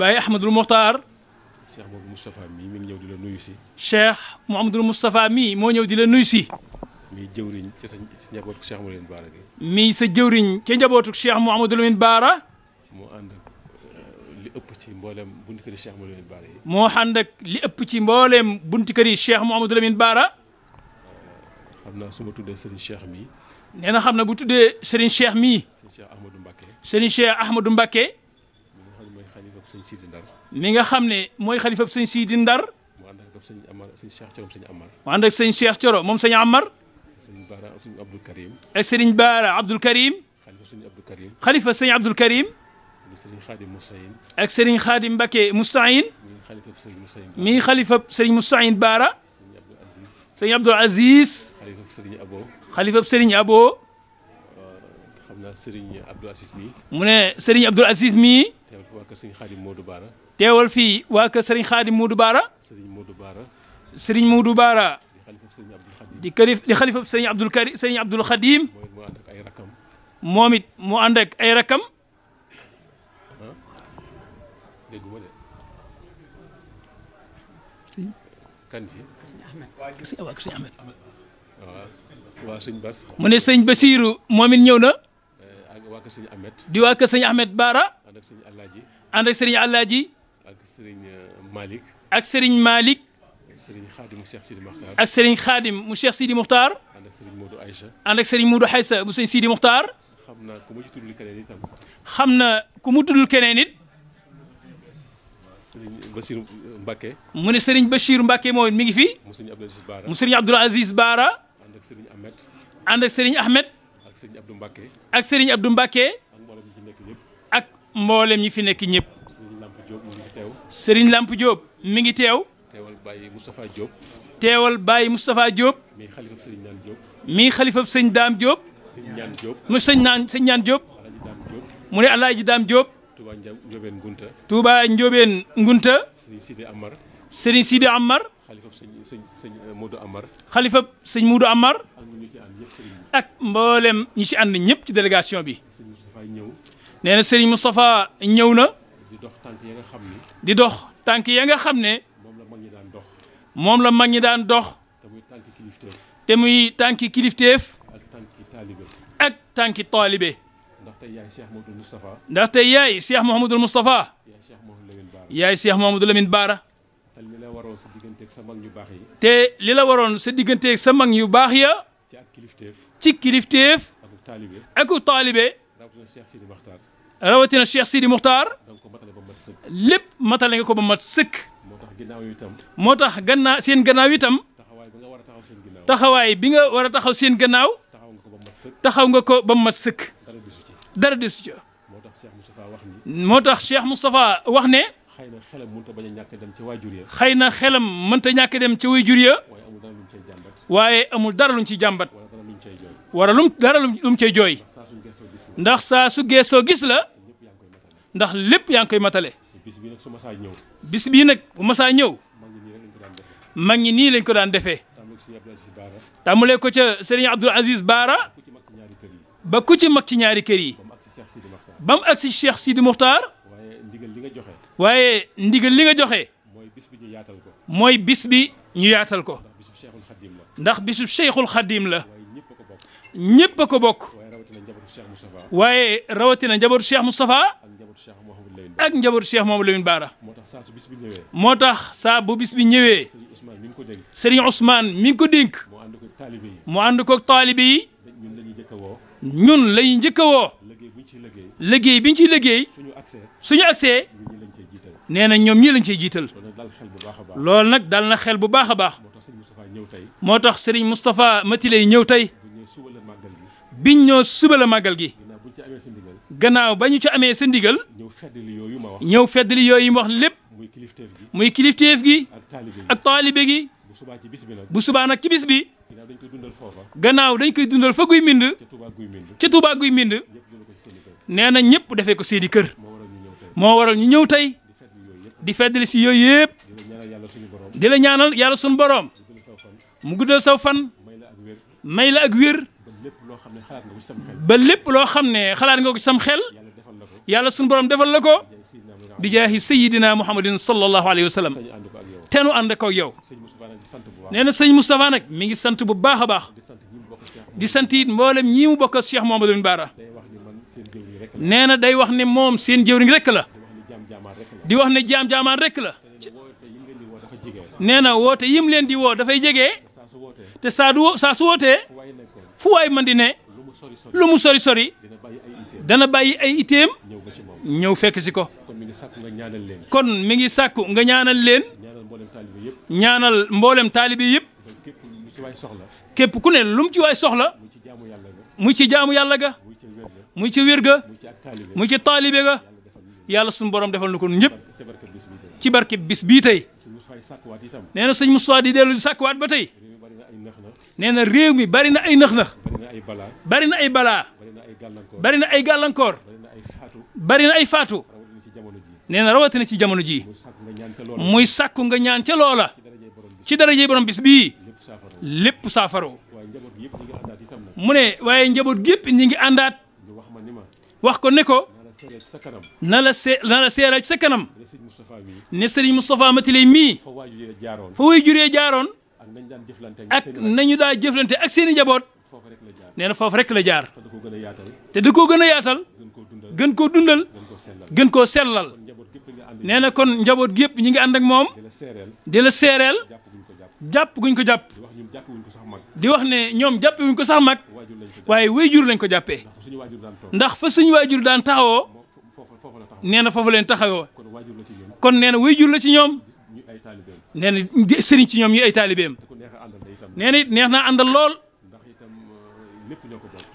Baye Ahmadul Mokhtar. Cheikh Mouhamadou Moustapha mii mi ñëw di la nuyu si. Cheikh Mouhamadou Moustapha mii moo ñëw di la nuyu si. mii jëwriñ ca sa njabootu Cheikh Mouhamadou Lamine mii sa jëwriñ ca njabootu Cheikh Mouhamadou Lamine Baara. moo ànd uh, ëpp ci mboolem bunti kër yi Cheikh Baara moo ànd ak li ëpp ci mboolem bunti kër yi Cheikh Mouhamadou Lamine Baara. Uh, xam naa su ma tuddee Serigne Cheikh mii. nee xam na bu tuddee Serigne Cheikh mii. Serigne Cheikh Ahmadou Mbacké. Serigne Cheikh Ahmadou sëñ Sidi Ndar. mi nga xam ne mooy xalifab sëñ Sidi Ndar. mu ànd ak sëñ Amar sëñ Cheikh Thioro sëñ Amar. mu ànd ak sëñ Cheikh Thioro moom sëñ Amar. ak sëñ Baara sëñ Abdoul Karim. ak sëriñ Baara Abdoul Karim. xalifa sëñ Abdoul Karim. xalifa sëñ Abdoul Karim. ak sëriñ Xaadim Moussaïn. ak sëriñ Xaadim Mbacké Moussaïn. mi xalifab sëriñ Moussaïn Baara. sëñ Abdoul Aziz. xalifab sëriñ Abo. xalifab sëriñ Abo. xam naa Serigne Abdou Aziz mii. mu ne Serigne Abdou teewal fii waa kër Serigne Khadim Modou Baara. teewal fii waa kër Serigne Khadim Modou Baara. Serigne Modou Baara. Serigne Modou Baara. di Karim Serigne Abdoul Khadim. mu ànd ay rakam. kan ci waaw sëñ mu ne sëñ Basiiru moom it ñëw na waa kër sëñ Ahmed. di waa kër sëñ Ahmed Baara. ànd ak sëñ Alaaji. ànd ak sëriñ Alaaji. ak sëriñ euh, Malick. ak sëriñ Malick. ak sëriñ Xaadim mu Cheikh Sidi Mokhtar. ak sëriñ Xaadim mu Cheikh Sidi Mokhtar. ànd ak sëriñ Modou Aïcha. ànd ak sëriñ Modou Aïcha bu sëñ Sidi Mokhtar. xam na ku mu tuddul keneen itam. xam na ku mu tuddul keneen it. sëriñ Bachir euh, Mbacke. mu ne sëriñ Bachir Mbacke mooy mi ngi fi. mu sëriñ Abdoul Aziz Baara. mu sëriñ Abdoul Aziz Baara. ànd ak sëriñ Ahmed. ànd ak sëriñ Ahmed. sëriñ Abdou Mbacke. ak sëriñ Abdou Mbacke. ak mboolem ñi fi nekk ñëpp. sëriñ Lamp Diop mi ngi teew. sëriñ Lamp Diop mi ngi teew. teewal Baye Moustapha Diop. teewal Baye Moustapha Diop. mii xalifab sëriñ Naan Diop. mii xalifab sëñ Daam Diop. sëñ Ñaan Diop. mu sëñ Naan sëñ Ñaan Diop. mu ne Alaaji Daam Diop. Touba Ndiobène Ngunta. Touba Ndiobène Ngunta. sëriñ Sidi Amar. sëriñ Sidi Amar. xalifa sëñ sëñ sëñ euh, Modou Amar. xalifab sëñ Modou Amar. ak mboolem ñi ci ànd ñëpp ci délégation bi. nee na sëriñ Moustapha ñëw na. di dox tànk ya nga xam ne. di dox tànk ya nga xam ne. moom la mag ñi daan dox. moom la mag ñi daan dox. te muy tànki kilifteef. te muy tànki kilifteef. ak tànki taalibe. ak tànki taalibe. ndaxte yaay Cheikh Mouhamadou Moustapha. ndaxte yaay Cheikh Mouhamadou Moustapha. yaay Cheikh Mouhamadou Lamine Baara. te li la waroon sa digganteeg sa mag yu baax li la waroon sa digganteeg sa yu baax ya. ci ak kilifteef. ci kilifteef. ak taalibe ak taalibe. rawatina Cheikh Sidi Mokhtar. rawatina Cheikh Sidi Mokhtar. donc matale ba mat sëkk. lépp matale nga ko ba mat sëkk. moo tax gannaaw yi itam. moo tax gannaaw seen gannaaw itam. taxawaay bi nga war a taxaw seen gannaaw. taxawaay bi nga war a taxaw seen gannaaw. taxaw nga ko ba sëkk. taxaw nga ko ba mat sëkk. dara desu ci. dara desu ci. moo tax Cheikh Moustapha wax ne. xëy na xelam mënta bañ a ñàkk dem ca waajur ya xëy na xelam mënta ñàkk dem ca waajur ya waaye amul dara luñ ciy jàmbat wara lum dara lum cay jooy ndax saa su geesoo gis la ndax lépp yaa ngi koy matale bis bii nag su masaa ñëw bis bii nag bu masaa ñëw mag ñi nii lañ ko daan defee tàmmulee ko ca Serigne Abdoul Aziz Baara ba ku ci mag ci ñaari kër yi ba mu agsi Cheikh Sidi Mokhtar waaye ndigal li nga joxe. mooy bis bi ñu yaatal ko. mooy bis bi ñu yaatal ko. ndax bisu Cheikhul Xadim la. ñëpp a ko bokk. waaye rawatina njabootu Cheikh Moustapha. ak njabootu Cheikh Mouhamadou Lamine Bara. moo tax saa su bis bi ñëwee. moo tax saa bu bis bi ñëwee. Serigne Ousmane mi ngi ko dénk. mu ànd koog taalibe yi. ñun la ñuy njëkk a woo. liggéey bi ñu ciy liggéey. suñu accès. nee na ñoom ñii lañ cey jiital loolu nag dal na xel bu baax a baax moo tax Serigne Moustapha Matiley ñëw tey biñ ñoo suba la màggal gi gannaaw ba ñu ci amee sa ndigal ñëw feddali yooyu ma wax lépp muy kilifteef gi ak taalibe gi bu subaa nag ci bis bi gannaaw dañ koy dundal fa mbind ca Touba guy mbind nee na ñëpp defee ko seeni kër moo waral ñu ñëw tey di feddali si yooyu yëpp di la ñaanal yàlla suñu boroom mu guddal saw fan may la ak wér ba lépp loo xam ne xalaat nga ko sam xel yàlla suñu boroom defal la ko di jaahi sayidina muhammadin sallallahu alayhi wa sallam te nu ànd ak yow nee na sëñ Moustapha nag mi ngi sant bu baax a baax di sant it mboolem ñii mu bokk Cheikh Mouhamadou Bara nee na day wax ne moom seen jëwriñ rekk la di wax ne jaam jaamaan rekk la nee na woote yim leen di woo dafay jege te saa du saa su wootee fu waay man di ne lu mu sori sori dana bàyyi ay iteem ñëw fekk si ko kon mi ngi sàkku nga ñaanal leen ñaanal mboolem taalibe yëpp képp ku ne lu mu ci waay soxla mu ci jaamu yàlla ga mu ci wér ga mu ci taalibe ga yàlla suñu borom defal na ko ñëpp ci barke bis tey nee na sëñ Moustapha di dellu di sàkkuwaat ba tey nee na réew mi bari ay nax-nax bari ay balaa bari na ay gàllankoor bari na ay faatu nee na rawatina ci jamono jii muy sàkku nga ñaan ca loola ci darajey borom bis bii lépp saafaroo mu ne waaye njaboot gépp ñi ngi àndaat wax ko ne ko na la see na la seeral ci sa kanam ne Serigne Moustapha Matiley mii fa way juree jaaroon ak nañu daa jëflante ak seen i njaboot nee na la jaar te da gën a yaatal gën koo dundal gën koo sellal nee na kon njaboot gi yëpp ñi ngi ànd moom di la seereel jàpp guñ ko jàpp di wax ne ñoom jàppewuñ ko sax mag waaye waajur lañ ko jàppee ndax fa suñu waajur daan taxawoo nee na foofu leen taxawoo kon nee na waajur la ci ñoom nee na sëriñ ci ñoom ñu ay taalibeem nee na it neex naa àndal lool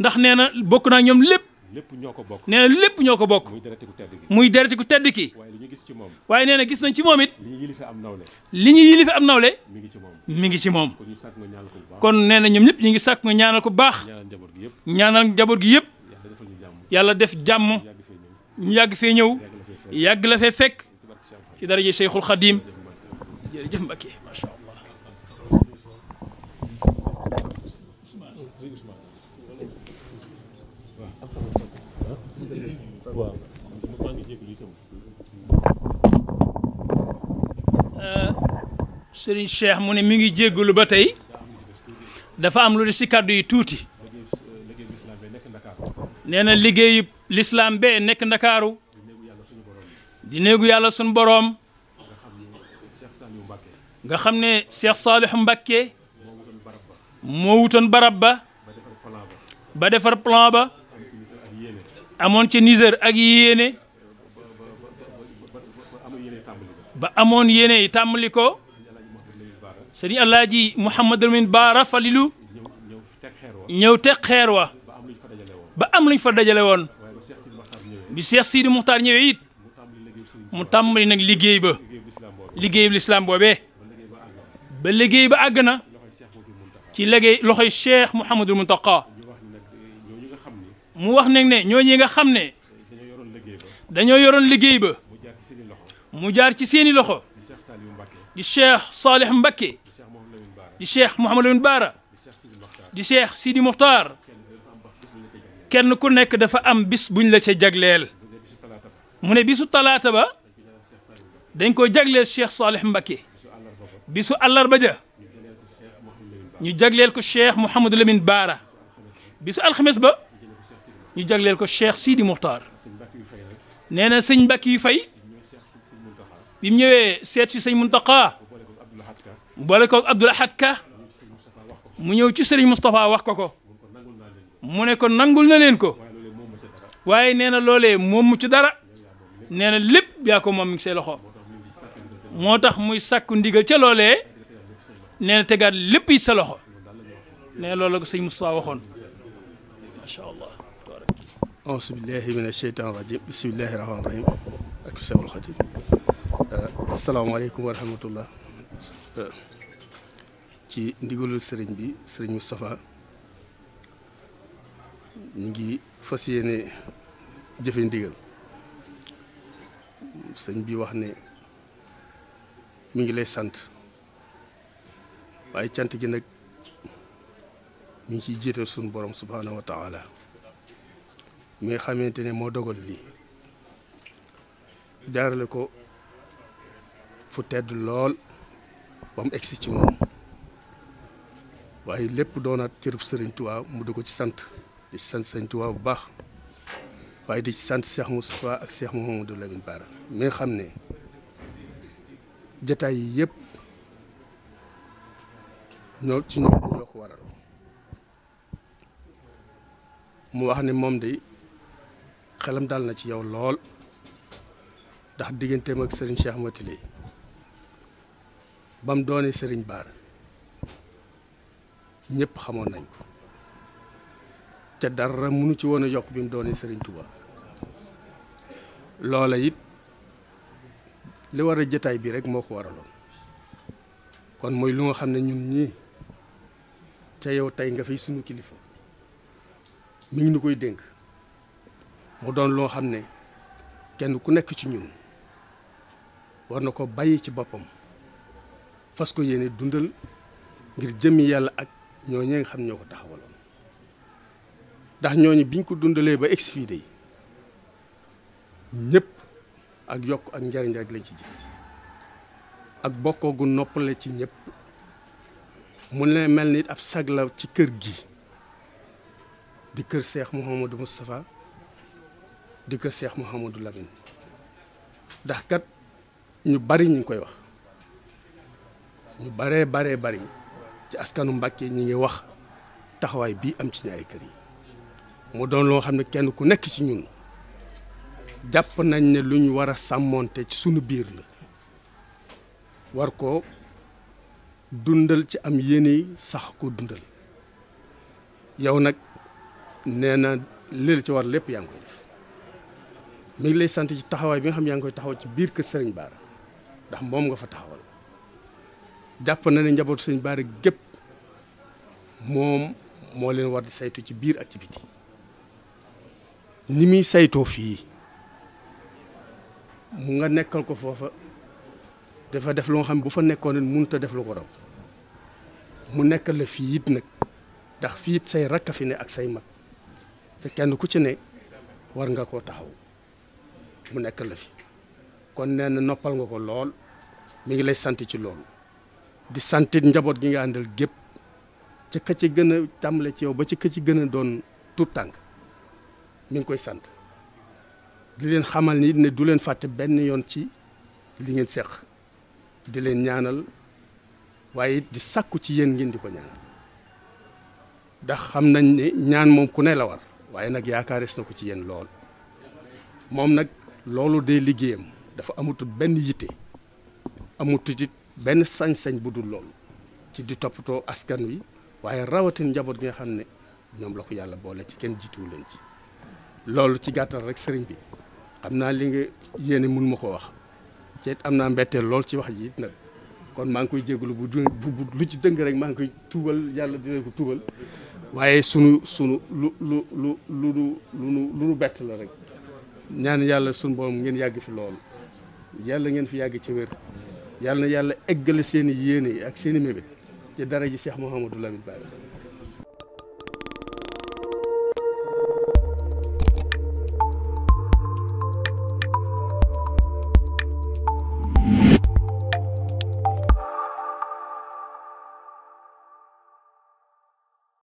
ndax euh, nee na bokk naa ñoom lépp lépp ñoo ko bokk nee lépp ñoo ko bokk. muy dereti ku tedd ki muy dereti ku tedd ki. waaye li ñu gis ci moom. na gis nañ ci moom it. li ñu yilife am nawle. li ñu am nawle. mi ngi ci moom mi ngi kon nee na ñoom ñëpp ñu ngi sàkk nga ñaanal ko baax. ñaanal njaboot gi yëpp. ñaanal njaboot gi yëpp. yàlla def jàmm. ñu yàgg fee ñëw. yàgg la fee fekk. ci daraje Cheikhul Khadim jërëjëf Mbacké macha allah waaw euh, sëriñ Cheikh mu ne mi ngi jéggalu ba tey dafa am lu di si kàddu yi tuuti nee na liggéeyu lislaam bee nekk ndakaaru di néegu yàlla sun boroom nga xam ne Cheikh Saliou Mbacké moo wutoon barab ba defar plan ba amoon ca Niger ak yéene ba amoon yéene yi tàmbali ko sëriñ Alaaji Mouhamadul Min Baara Falilu ñëw teg xeer wa ba am luñ fa dajale woon bi Seex Sidi Muxtaar ñëwee mu tàmbali nag liggéey ba liggéey bu lislaam boobee ba liggéey ba àgg na ci liggéey loxoy Cheikh Mouhamadul toqa mu wax nag ne ñooñi nga xam ne dañoo yoroon liggéey ba mu jaar ci seeni loxo di cheikh Salih Mbacké di cheikh Mouhamadou Lamine Bara di cheikh Sidi Mokhtar kenn ku nekk dafa am bis buñ la ca jagleel mu ne bisu talaata ba dañ ko jagleel cheikh Salih Mbacké bisu àllarba ja ñu jagleel ko cheikh Mouhamadou Lamine Bara bisu alxames ba. ñu jagleel ko Cheikh Sidi Muxtaar nee na sëñ Mbàkke yu fay bi ñëwee seet si sëñ Muntaqa boole ko Abdul Ahad Ka mu ñëw ci sëriñ Moustapha wax ko ko mu ne ko nangul na leen ko waaye nee na loolee moom mu ci dara nee na lépp yaa ko moom mi ngi moo tax muy sàkku ndigal ca loole nee na tegaat lépp yi sa loxo nee na loolu la ko sëñ Moustapha waxoon auzu billaahi mina sheytaani rajiim bismillaahi rahmaani rahiim ak sewul xadim asalaamaaleykum wa rahmatullah ci ndigalul sëriñ bi sëriñ Moustapha ñu ngi fas yéene jëfe ndigal sëñ bi wax ne mu ngi lay sant waaye cant gi nag mu ngi ciy jiital suñu borom subhaanahu wa taala mi nga xamante ne moo dogal lii jaarale ko fu tedd lool ba mu egsi ci moom waaye lépp doonaat cërub sëriñ Tuubaa mu di ko ci sant di ci sant sëriñ Tuubaa bu baax waaye di ci sant Cheikh Moustapha ak Cheikh Mouhamadou Lamine Bara mi nga xam ne jataay yi yëpp ñoo ci ñoo ko waral mu wax ne moom de xelam dal na ci yow lool ndax digganteem ak sëriñ Cheikh Matili ba mu doone sëriñ Baar ñëpp xamoon nañ ko te dara mënu ci woon a yokk bi mu doone sëriñ Touba loola it li war a jataay bi rek moo ko waraloon kon mooy lu nga xam ne ñun ñii te yow tey nga fi sunu kilifa mi ngi nu koy dénk. mu doon loo xam ne kenn ku nekk ci ñun war na ko bàyyi ci boppam fas ko yéene dundal ngir jëmmi yàlla ak ñooñee nga xam ñoo ko taxawaloon ndax ñooñu biñ ko dundalee ba egsi fii de ñëpp ak yokk ak njariñ rek lañ ci gis ak bokkoo gu noppale ci ñépp mu ne mel ni ab sag la ci kër gi di kër seex Mouhamadou Moustapha di kër Cheikh Mouhamadou Lamine ndax kat ñu bari ñu koy wax ñu baree baree bari ci askanu Mbàkke ñi ngi wax taxawaay bii am ci ñaari kër yi mu doon loo xam ne kenn ku nekk ci ñun jàpp nañ ne lu ñu war a sàmmoonte ci sunu biir la war ko dundal ci am yéene sax ko dundal yow nag nee na li ci war lépp yaa ngi koy def mi ngi lay sant ci taxawaay bi nga xam ne yaa ngi koy taxaw ci biir kër Serigne Bara ndax moom nga fa taxawal jàpp na ne njabootu Serigne Bara gépp moom moo leen war di saytu ci biir ak ci biti ni muy saytoo fii mu nga nekkal ko foofa dafa def lu nga xam ne bu fa nekkoon mënut a def lu ko raw mu nekkal la fii it nag ndax fii it say rakk fi ne ak say mag te kenn ku ci ne war nga koo taxaw. mu nekk la fi kon nee na noppal nga ko lool mu ngi lay sant ci loolu di santit njaboot gi nga àndal gépp ci ka ci gën a tàmbale ci yow ba ci ka ci gën a doon tuut tànk mi ngi koy sant di leen xamal ni ne du leen fàtte benn yoon ci li ngeen seq di leen ñaanal waaye di sàkku ci yéen ngeen di ko ñaanal ndax xam nañ ne ñaan moom ku ne la war waaye nag yaakaaris na ko ci yéen lool moom nag loolu day liggéeyam dafa amatul benn yitte amatul it benn sañ-sañ bu dul loolu ci di toppatoo askan wi waaye rawatin njaboot gi nga xam ne ñoom la ko yàlla boole ci kenn jiituwu leen ci loolu ci gàttal rek sëriñ bi xam naa li nga yéene mun ko wax ceet am naa mbetteel lool ci wax ji it nag kon maa ngi koy jégalu bu lu ci dëng rek maa ngi koy tuubal yàlla dina ko tuubal waaye sunu sunu lu lu lu lu lu lu lu bett la rek ñaan yàlla sunu borom ngeen yàgg fi lool yàlla ngeen fi yàgg ci wér yàlla na yàlla eggale seeni i yi ak seen i mébét ci dara ji Cheikh Mouhamadou Lamine Bara